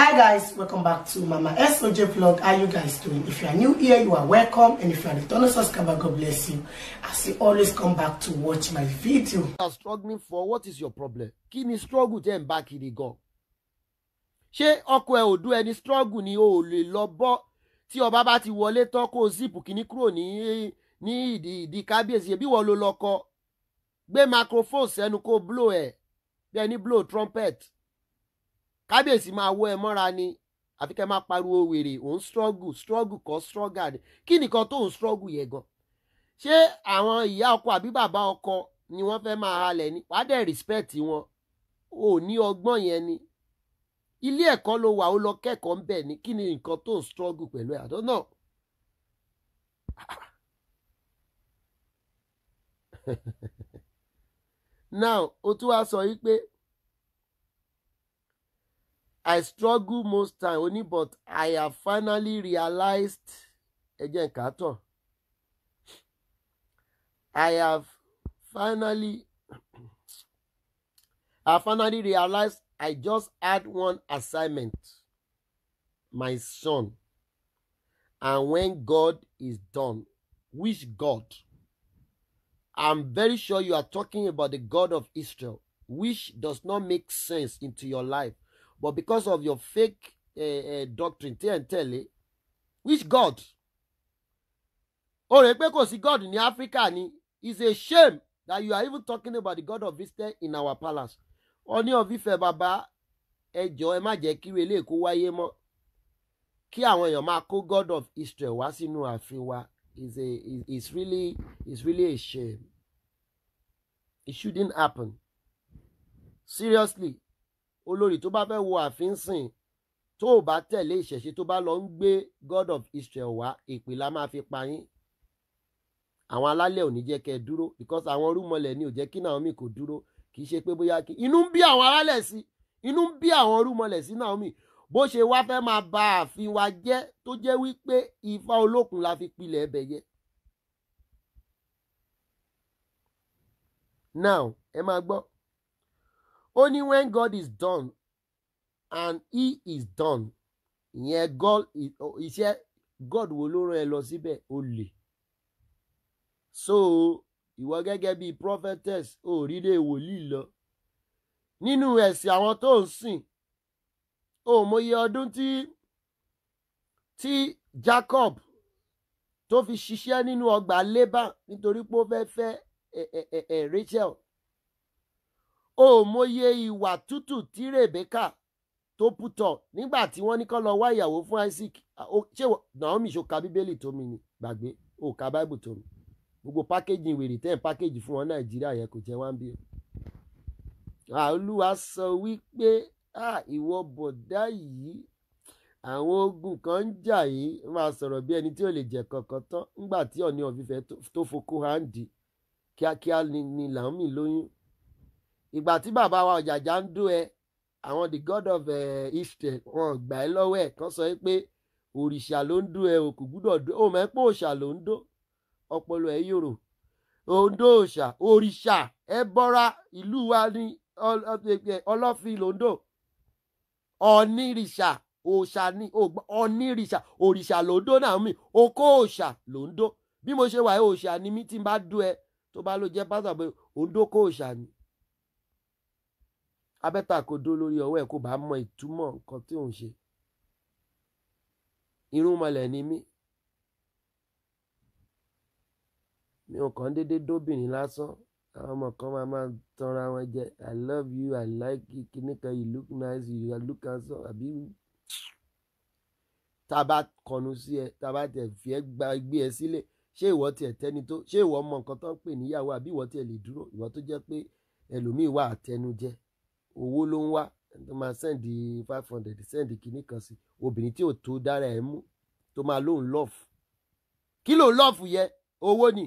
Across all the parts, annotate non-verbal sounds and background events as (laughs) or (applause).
hi guys welcome back to mama soj vlog how you guys doing if you are new here you are welcome and if you are returning subscriber god bless you as you always come back to watch my video you are struggling for what is your problem Kini struggle tẹ́ ń bá kiri gan ṣé ọkọ ẹ ò dún ẹni struggle ni o lè lọ bọ́ tí ọba bá ti wọlé tán kó zipu kíní kúrò ní ní ìdí ìdí kábíyèsí bí wọ́n ló lọ gbé microphone sẹ́nu kó blow ẹ̀ bí ẹni blow trumpet kábíyèsí máa wọ ẹ mọ́ra ni àfi kẹ́ máa pariwo wèrè òun struggle struggle kọ́ struggle ni kí nìkan tó ń struggle yẹn gan ṣé àwọn ìyá ọkọ àbí bàbá ọkọ ni wọ́n fẹ́ máa halẹ̀ ni wàá dẹ̀ respect wọn ò ní ọgbọ́n yẹn ni ilé ẹ̀kọ́ ló wà ó lọ kẹ́kọ̀ọ́ ń bẹ̀ ni kí ni nǹkan tó ń struggle pẹ̀lú ẹ̀ àdó náà. now o tún wá sọ yìí pé. I struggle most time only but I have finally realized again Kato. I have finally I finally realized I just had one assignment, my son. And when God is done, which God? I'm very sure you are talking about the God of Israel, which does not make sense into your life but because of your fake uh, uh, doctrine tell and ń tẹ̀lé which God o rè pé kò sí God ní Africa ni is a shame that you are even talking about the God of Israel in our palace Ọọ̀ni of Ifẹ̀ bàbá ẹ jọ̀ọ́ ẹ má jẹ́ kí irú kó wáyé mọ́ kí àwọn èèyàn máa kó God of Israel wá sínú ààfin wa is a is really is really a shame it shouldn't happen seriously olórí tó bá fẹ́ wo ààfin sìn tó o bá tẹ̀lé ìṣẹ̀ṣe tó bá lọ ń gbé God of Israel wá èpè la máa fi pa yín àwọn alálẹ̀ ò ní jẹ́ kẹ́ ẹ dúró because àwọn rúmọlẹ̀ ni ò jẹ́ kí Naomi kò dúró kì í ṣe pé bóyá kí inú ń bí àwọn alálẹ̀ sí inú ń bí àwọn rúmọlẹ̀ sí Naomi bó ṣe wá fẹ́ máa ba ààfin wa jẹ́ tó jẹ́ wípé Ifá olókun la fi pilẹ̀ ẹbẹ̀ yẹ. now ẹ máa gbọ́. Only when God is done and he is done ìyẹn God iṣẹ́ God wo ló rán ẹ lọ síbẹ̀ ó lè so ìwọ gẹ́gẹ́ bíi prophetess ò rí lè wòlíì lọ nínú ẹ̀sìn àwọn tó ń sìn ò mọye ọdún tí tí Jacob tó fi ṣiṣẹ́ nínú ọgbà labour nítorí pé ó fẹ́ fẹ́ Rachel o ò mọye ìwà tútù tí Rebeka tó pútọ̀ nígbà tí wọ́n ní kó lọ wá ìyàwó fún Isaac ṣé Naomi ṣo ka bíbélì tó mi ni gbàgbé o ka báìbù tó mi gbogbo pákéjì wèrè tẹ́ ẹ̀ pákéjì fún wọn Nàìjíríà yẹn kò jẹ́ wá ń bí ẹ. sọ wípé ìwọ bọ̀dá yìí àwọn ogun kan ń jà yìí máa sọ̀rọ̀ bí ẹni tí ò lè jẹ́ kankan tán nígbà tí Ọ̀ọ̀ni of Ifẹ̀ tó fokó hàǹdì kíákíá ni Naomi lóyún ìgbà tí bàbá wa ọ̀jàjà ń dún ẹ àwọn the god of uh, eh, Ifẹ̀ wọn gbà ẹ lọ́wọ́ ẹ̀ kán sọ pé òrìṣà ló ń dún ẹ o kò gbúdọ̀ dún ó mọ̀ ẹ́ pé òòṣà ló ń dún ọpọlọ ẹ yòrò òǹdó òòṣà òrìṣà ẹ bọ́ra ìlú wa ní ọlọ́fin lòǹdó ọ̀nìrìṣà òòṣà ní ọ̀nìrìṣà òrìṣà lòǹdó náà mi okó òòṣà lòǹdó bí mo ṣe wà ẹ òòṣà ni mi ti bá dún ẹ tó bá ló jẹ́ pásítọ̀ pé òǹdó kó òòṣà ni abẹ́tà kò dó lórí ọwọ́ ẹ̀ kó bá mọ ìtumọ̀ nǹkan tí òun ṣe irúnmọlẹ̀ ni mí mi ò kàn déédéé dóbìnrin lásán àwọn ọmọ kan máa máa tanra wọn jẹ i love you i like you kíní kan you look nice you look handsome àbí tá a bá kọnu sí ẹ tá a bá tẹ fi ẹ gba gbé ẹ sílẹ̀ ṣé ìwọ tiẹ̀ tẹ́ni tó ṣé ìwọ mọ nǹkan tó ń pè níyàwó àbí ìwọ tiẹ̀ lè dúró ìwọ tó jẹ́ pé ẹlòmíín wà àtẹnujẹ owó ló ń wá tó máa sẹ́ndì five hundred sẹ́ndì kìíní kan sí obìnrin tí ò tó dára ẹ̀ mú tó máa lóun lọ́ọ̀fù kí ló lọ́ọ̀fù yẹ owó ni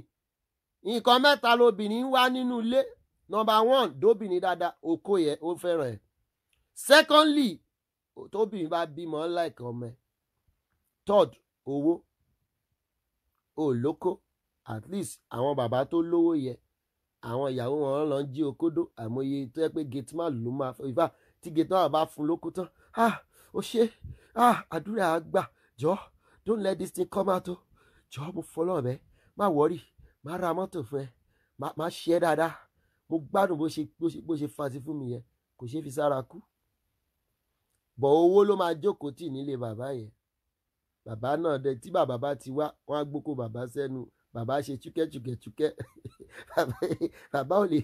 nǹkan mẹ́ta lobìnrin ń wá nínú ilé number one dóbìnrin dáadáa okó yẹ ó fẹ́ràn ẹ̀ secondly tóbìnrin bá bímọ láìka ọmọ ẹ̀ third owó olóko at least àwọn bàbá tó lówó yẹ àwọn ìyàwó wọn lọ ń jí okódó àìmọye tó yẹ pé gate man ló máa fọ ìfà tí gate man bá fún lóko tán ah ó ṣe ah àdúrà àgbà jọ don't let this thing come out o jọ mo fọlọ́ bẹ́ẹ̀ má wọ́rì má ra mọ́tò fún ẹ má ṣe é dáadáa mo gbádùn bó ṣe bó ṣe fàṣí fún mi yẹn kò ṣeé fi sára kú bọ̀ owó ló máa jókòó tì nílé bàbá yẹn bàbá náà dé tí bàbá bá ti wá wọn á gbóko bàbá sẹ́nu bàbá ṣe túkẹ́tùkẹ́tùkẹ́ (laughs) bàbá ò lè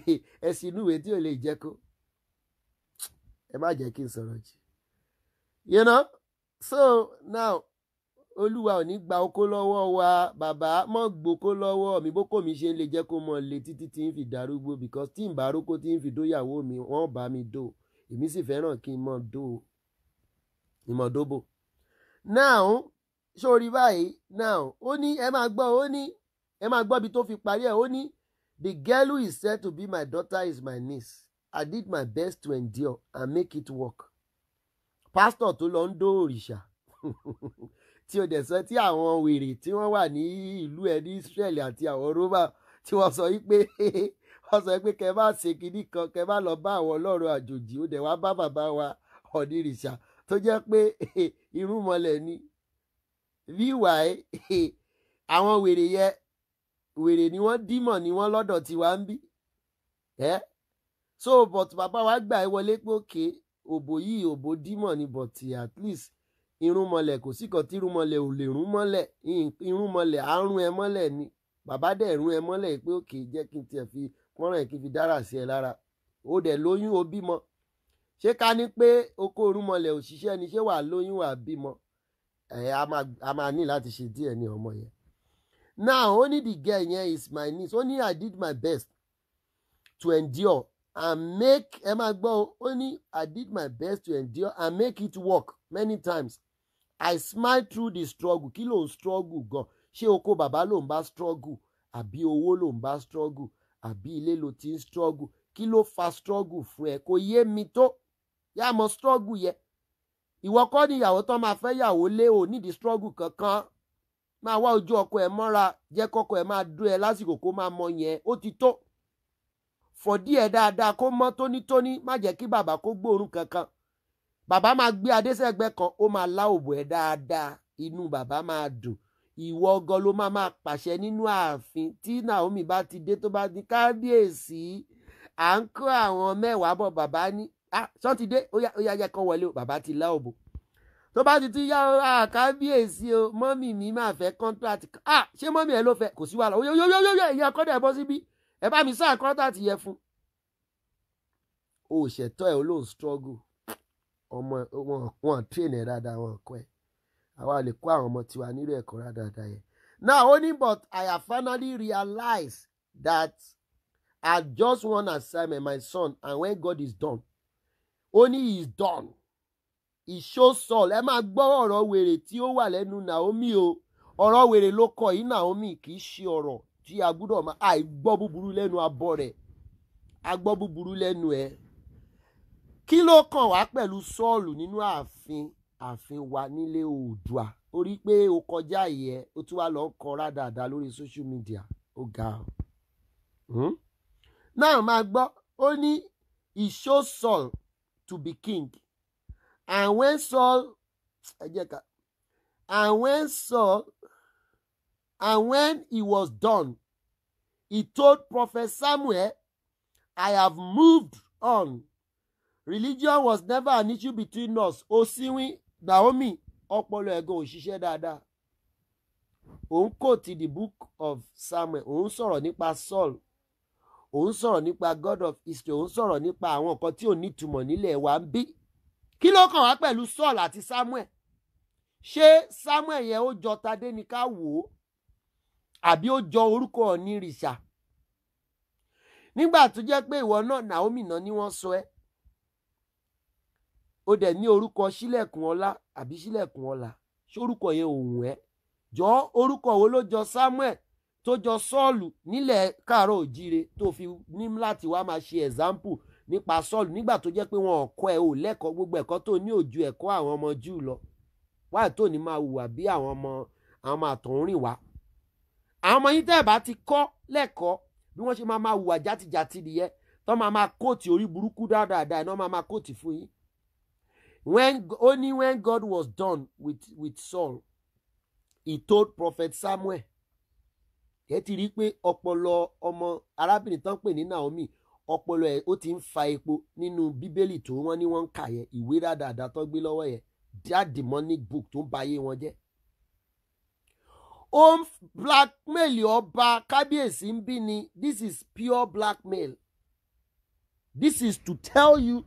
ẹsìn inú ìwé tí ò lè jẹ́ kó ẹ má jẹ́ kí n sọ̀rọ̀ jù you know so now olúwa ò ní gba okó lọ́wọ́ wa bàbá mọ́ gboko lọ́wọ́ mi bó kò mi ṣe ń lè jẹ́ kó mọ le títí tí ń fi darúgbó because tí ń bá rókó tí ń fi dóyàwó mi wọ́n bá mi dó èmi sì fẹ́ràn kí n mọ dó ìmọ̀dóbò now sórí báyìí now ó ní ẹ máa gbọ́ ó ní ẹ máa gbọ́ bí tó fi parí ẹ̀ ó ní the girl who is said to be my daughter is my niece I did my best to endure and make it work Pastor tó lọ ń dó òrìṣà (laughs) tí o dẹ̀ sọ tí àwọn wèrè tí wọ́n wà ní ìlú ẹ̀ ní Israeli àti àwọn Rómà tí wọ́n sọ yí pé (laughs) wọ́n sọ pé kẹ́ ẹ má ṣe kinní kan kẹ́ ẹ má lọ bá àwọn ọlọ́run àjòjì ó dẹ̀ wá bá bàbá wa ọ̀nìrìṣà tó jẹ́ pé (laughs) irúnmọlẹ̀ ni wíwà ẹ̀ àwọn wèrè yẹn wèrè ni wọ́n dímọ̀ ni wọ́n lọ́dọ̀ tí wàá ń bí ẹ́ so but bàbá wa gbà ẹ́ wọlé pé òkè òbò yìí òbò dímọ̀ ni but at least irúnmọlẹ̀ kò sí kan tí irúnmọlẹ̀ ò lè rún mọ́lẹ̀ irúnmọlẹ̀ á rún ẹ mọ́lẹ̀ ni bàbá dẹ̀ rún ẹ mọ́lẹ̀ pé òkè jẹ́ kí n tiẹ̀ fi pọ́nrán ẹ̀ kí n fi dára sí ẹ lára ó dẹ̀ lóyún ó bímọ ṣé ká ní pé okó irúnmọlẹ̀ òṣìṣẹ́ ni ṣé wàá lóyún wàá bímọ ẹ̀ a máa ní láti ṣe díẹ̀ ní ọmọ yẹn now only the girl yẹn is my niece only i did my best to endure and make ẹ máa gbọ́ only i did my best to endure and make it work many times i smile through the struggle kí ló ń struggle gan ṣé oko bàbá ló ń bá struggle àbí owó ló ń bá struggle àbí ilé ló ti ń struggle kí ló fa struggle fún ẹ kò yé mi tó yá struggle yẹ ìwọ kọ́ níyàwó tán máa fẹ́ yàwó lé o nídìí struggle kankan máa wá ojú ọkọ ẹ mọ́ra jẹ́ kọ́kọ ẹ máa dó ẹ lásìkò kó máa mọ yẹn ó ti tó fọ̀dí ẹ dáadáa kó mọ́ tónítóní má jẹ́ kí bàbá kó gbóòórùn kankan bàbá máa gbé adésẹ́gbẹ́ kan ó máa lá òbò ẹ dáadáa inú bàbá máa dùn ìwọ gan ló máa máa pàṣẹ nínú ààfin tí Naomi bá ti dé tó bá di kábíyèsí à ń kó àwọn mẹ́wàá bọ̀ bàbá ní ah sọ́ọ́ ti dé ó yá ó yá yẹ wọlé o bàbá ti lá òbò tó bá ti ti yá àkábíyèsí ah, o mọ́mì mi máa fẹ́ contract ah ṣé mọ́mì ẹ ló fẹ́ kò sí wàhálà oyoyoyoyo ẹ̀yin akọ́dà ẹ̀ bọ́ síbí ẹ bá mi sáà contract yẹ fún. o ṣètọ́ ẹ̀ olóhùn struggle ọmọ wọn wọn train ẹ̀ dáadáa wọn kọ́ ẹ̀ àwa lè kó àwọn ọmọ tiwa nílò ẹ̀kọ́ dáadáa yẹn. now only but I have finally realized that I just wan assignment my son and when God is done only he is done ìṣósọ̀l ẹ máa gbọ́ ọ̀rọ̀ wèrè tí ó wà lẹ́nu Naomi o ọ̀rọ̀ wèrè ló kọ yìí Naomi kì í ṣe ọ̀rọ̀ tí a gbúdọ̀ máa àìgbọ́ búburú lẹ́nu abọ́ rẹ̀ agbọ́ búburú lẹ́nu ẹ̀ kí ló kàn wá pẹ̀lú sọ́ọ̀lù nínú ààfin ààfin wa nílé oòdùà ó rí i pé o kọjá ìyẹ o tún wá lọ kọ rádàdà lórí social media ó ga ọ. Hmm? náà máa gbọ́ ó ní it shows Saul to be king And when Saul, and when Saul, and when he was done, he told Prophet Samuel, I have moved on. Religion was never an issue between us. Osinwi, Naomi, ọpọlọ ẹ̀gọ́ òṣìṣẹ́ dáadáa. Òun kò ti the book of Samuel. Òun sọ̀rọ̀ nípa Saul. Òun sọ̀rọ̀ nípa God of history. Òun sọ̀rọ̀ nípa àwọn nǹkan tí ò ní ìtumọ̀ nílẹ̀ wa ń bí kí ló kàn wá pẹ̀lú Saul àti Samuel ṣé Samuel yẹn ó jọ Tadé ni ká wò ó àbí ó jọ orúkọ onírìṣà nígbà tó jẹ́ pé ìwọ náà Naomi náà ni wọ́n sọ ẹ́ ó dẹ̀ ní orúkọ sílẹ̀kùn ọlá àbí sílẹ̀kùn ọlà ṣórúkọ yẹn òun ẹ́ jọ orúkọ wo ló jọ Samuel tó jọ Sọ́ọ̀lù nílẹ̀ káàárọ̀ òjíire tó fi ní láti wá máa ṣe example nípa Sọ́ọ̀lù nígbà tó jẹ́ pé wọn ò kọ́ ẹ ò lẹ́kọ̀ọ́ gbogbo ẹ̀kọ́ tó ní òjú ẹ̀kọ́ àwọn ọmọ Júù lọ wáyé tó ní máa hùwà bí àwọn ọmọ àwọn ọmọ àtọ̀húnrìn àwọn ọmọ yín tẹ́ ẹ̀ bá ti kọ́ lẹ́kọ̀ọ́ bí wọ́n ṣe máa máa hùwà játijàti nìyẹn tó máa máa kóòtì orí burúkú dáadáa iná máa máa kóòtì fún yín when only when God was done with with Saul he told prophet Samuel kẹ́ẹ́ ti rí i pé ọpọlọ ọmọ arábìnrin tán pè ní Naomi ọpọlọ ẹ ó ti ń fa epo nínú bíbélì tó wọ́n ní wọ́n ń kà yẹn ìwé dáadáa tó gbé lọ́wọ́ yẹn that demonic book tó ń ba ayé wọn jẹ́ ó blackmail ọba kábíyèsí ń bí ni this is pure blackmail this is to tell you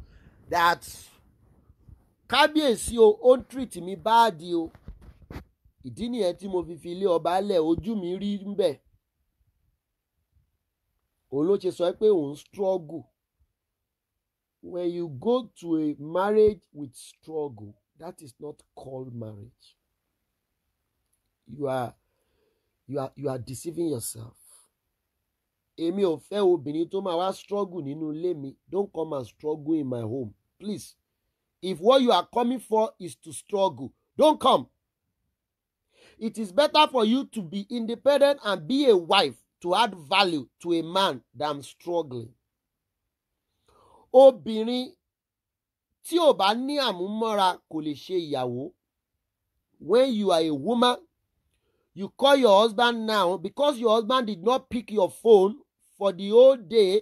that kábíyèsí o ó ń treat mi báàdì o ìdí nìyẹn tí mo fi fi ilé ọba lẹ̀ ojú mi rí ń bẹ̀ òun ló ṣe sọ pé òun struggle when you go to a marriage with struggle that is not called marriage you are you are you are deceiving yourself èmi ò fẹ́ obìnrin tó máa wá struggle nínú ilé mi don't come and struggle in my home please if what you are coming for is to struggle don't come it is better for you to be independent and be a wife to add value to a man that I'm struggling. Obìnrin tí ò bá ní àmúmọ́ra kò lè ṣe ìyàwó. When you are a woman, you call your husband now because your husband did not pick your phone for the whole day